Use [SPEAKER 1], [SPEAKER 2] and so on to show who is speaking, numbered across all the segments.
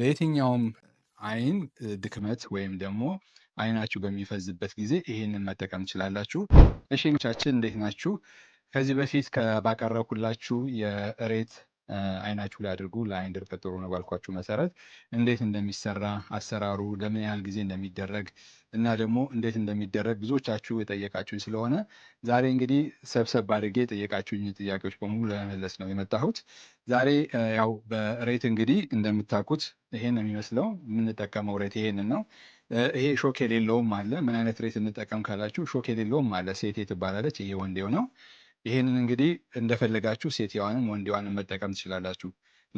[SPEAKER 1] ለየትኛውም አይን ድክመት ወይም ደግሞ አይናችሁ በሚፈዝበት ጊዜ ይህንን መጠቀም ትችላላችሁ። እሺ እንዴት ናችሁ? ከዚህ በፊት ባቀረብኩላችሁ የእሬት አይናችሁ ላይ አድርጉ። ለአይን ድርቀት ጥሩ ነው ባልኳችሁ መሰረት እንዴት እንደሚሰራ አሰራሩ፣ ለምን ያህል ጊዜ እንደሚደረግ እና ደግሞ እንዴት እንደሚደረግ ብዙዎቻችሁ የጠየቃችሁኝ ስለሆነ ዛሬ እንግዲህ ሰብሰብ አድርጌ የጠየቃችሁኝ ጥያቄዎች በሙሉ ለመመለስ ነው የመጣሁት። ዛሬ ያው በሬት እንግዲህ እንደምታውቁት ይሄን ነው የሚመስለው። የምንጠቀመው ሬት ይሄንን ነው። ይሄ ሾክ የሌለውም አለ። ምን አይነት ሬት እንጠቀም ካላችሁ ሾክ የሌለውም አለ። ሴቴ ትባላለች። ይሄ ወንዴው ነው። ይህንን እንግዲህ እንደፈለጋችሁ ሴትዮዋንም ወንዲዋንም መጠቀም ትችላላችሁ።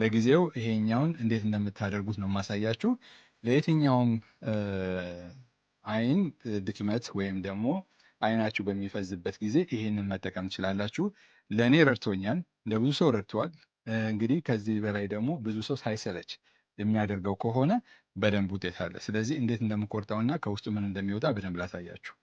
[SPEAKER 1] ለጊዜው ይሄኛውን እንዴት እንደምታደርጉት ነው የማሳያችሁ። ለየትኛውም አይን ድክመት ወይም ደግሞ አይናችሁ በሚፈዝበት ጊዜ ይህንን መጠቀም ትችላላችሁ። ለእኔ ረድቶኛል፣ ለብዙ ሰው ረድቷል። እንግዲህ ከዚህ በላይ ደግሞ ብዙ ሰው ሳይሰለች የሚያደርገው ከሆነ በደንብ ውጤት አለ። ስለዚህ እንዴት እንደምቆርጠውና ከውስጡ ምን እንደሚወጣ በደንብ ላሳያችሁ።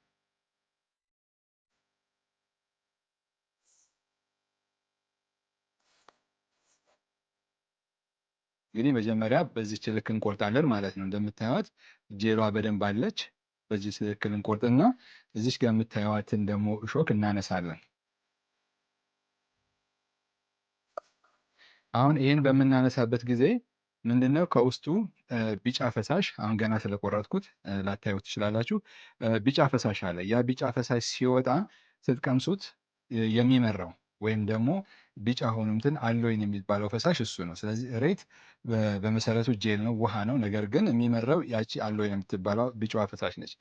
[SPEAKER 1] እንግዲህ መጀመሪያ በዚች ችልክ እንቆርጣለን ማለት ነው። እንደምታዩት ጄሏ በደንብ አለች። በዚህ ትክክል እንቆርጥና እዚች ጋር የምታዩዋትን ደግሞ እሾክ እናነሳለን። አሁን ይህን በምናነሳበት ጊዜ ምንድነው ከውስጡ ቢጫ ፈሳሽ አሁን ገና ስለቆረጥኩት ላታዩት ትችላላችሁ። ቢጫ ፈሳሽ አለ። ያ ቢጫ ፈሳሽ ሲወጣ ስትቀምሱት የሚመራው ወይም ደግሞ ቢጫ ሆኖ እንትን አሎይን የሚባለው ፈሳሽ እሱ ነው። ስለዚህ እሬት በመሰረቱ ጄል ነው፣ ውሃ ነው። ነገር ግን የሚመረው ያቺ አሎይን የምትባለው ቢጫዋ ፈሳሽ ነች።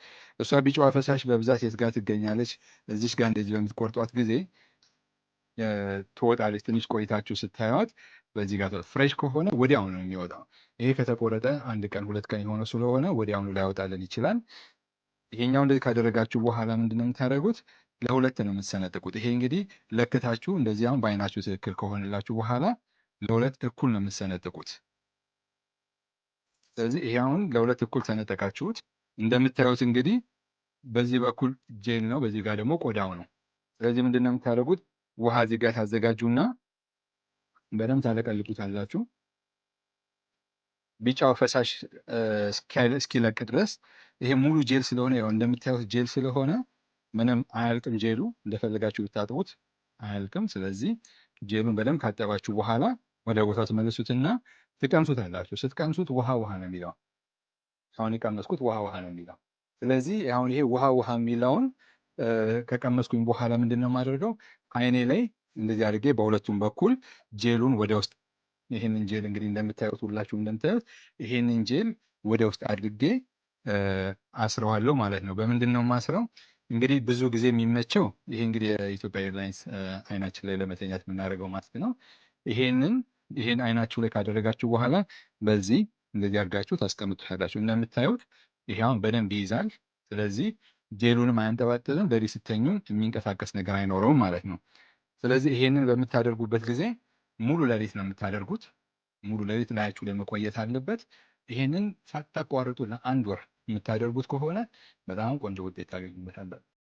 [SPEAKER 1] እሷ ቢጫዋ ፈሳሽ በብዛት የት ጋር ትገኛለች? እዚች ጋር እንደዚህ በምትቆርጧት ጊዜ ትወጣለች። ትንሽ ቆይታችሁ ስታዩት በዚህ ጋር ፍሬሽ ከሆነ ወዲያው ነው የሚወጣው። ይሄ ከተቆረጠ አንድ ቀን ሁለት ቀን የሆነ ስለሆነ ወዲያውኑ ላይወጣልን ይችላል። ይሄኛው እንደዚህ ካደረጋችሁ በኋላ ምንድነው የምታደርጉት? ለሁለት ነው የምትሰነጥቁት። ይሄ እንግዲህ ለክታችሁ እንደዚህ አሁን በአይናችሁ ትክክል ከሆነላችሁ በኋላ ለሁለት እኩል ነው የምትሰነጥቁት። ስለዚህ ይሄ አሁን ለሁለት እኩል ሰነጠቃችሁት። እንደምታዩት እንግዲህ በዚህ በኩል ጄል ነው፣ በዚህ ጋር ደግሞ ቆዳው ነው። ስለዚህ ምንድን ነው የምታደርጉት? ውሃ እዚህ ጋር ታዘጋጁና በደንብ ታለቀልቁታላችሁ ቢጫው ፈሳሽ እስኪለቅ ድረስ። ይሄ ሙሉ ጄል ስለሆነ ያው እንደምታዩት ጄል ስለሆነ ምንም አያልቅም ጄሉ። እንደፈለጋችሁ ብታጥቡት አያልቅም። ስለዚህ ጄሉን በደንብ ካጠባችሁ በኋላ ወደ ቦታው ትመልሱትና ትቀምሱት አላችሁ። ስትቀምሱት ውሃ ውሃ ነው የሚለው። አሁን የቀመስኩት ውሃ ውሃ ነው የሚለው። ስለዚህ አሁን ይሄ ውሃ ውሃ የሚለውን ከቀመስኩኝ በኋላ ምንድን ነው የማደርገው? አይኔ ላይ እንደዚህ አድርጌ በሁለቱም በኩል ጄሉን ወደ ውስጥ ይህንን ጄል እንግዲህ እንደምታዩት ሁላችሁ እንደምታዩት ይህንን ጄል ወደ ውስጥ አድርጌ አስረዋለሁ ማለት ነው። በምንድን ነው ማስረው? እንግዲህ ብዙ ጊዜ የሚመቸው ይሄ እንግዲህ የኢትዮጵያ ኤርላይንስ አይናችን ላይ ለመተኛት የምናደርገው ማስክ ነው። ይሄንን ይሄን አይናችሁ ላይ ካደረጋችሁ በኋላ በዚህ እንደዚህ አድርጋችሁ ታስቀምጡታላችሁ። እንደምታዩት ይሄ አሁን በደንብ ይይዛል። ስለዚህ ጄሉንም አያንጠባጥልም፣ ለሊት ስተኙ የሚንቀሳቀስ ነገር አይኖረውም ማለት ነው። ስለዚህ ይሄንን በምታደርጉበት ጊዜ ሙሉ ለሊት ነው የምታደርጉት። ሙሉ ለሊት ላያችሁ ላይ መቆየት አለበት። ይሄንን ሳታቋርጡ ለአንድ ወር የምታደርጉት ከሆነ በጣም ቆንጆ ውጤት ታገኙበታላችሁ።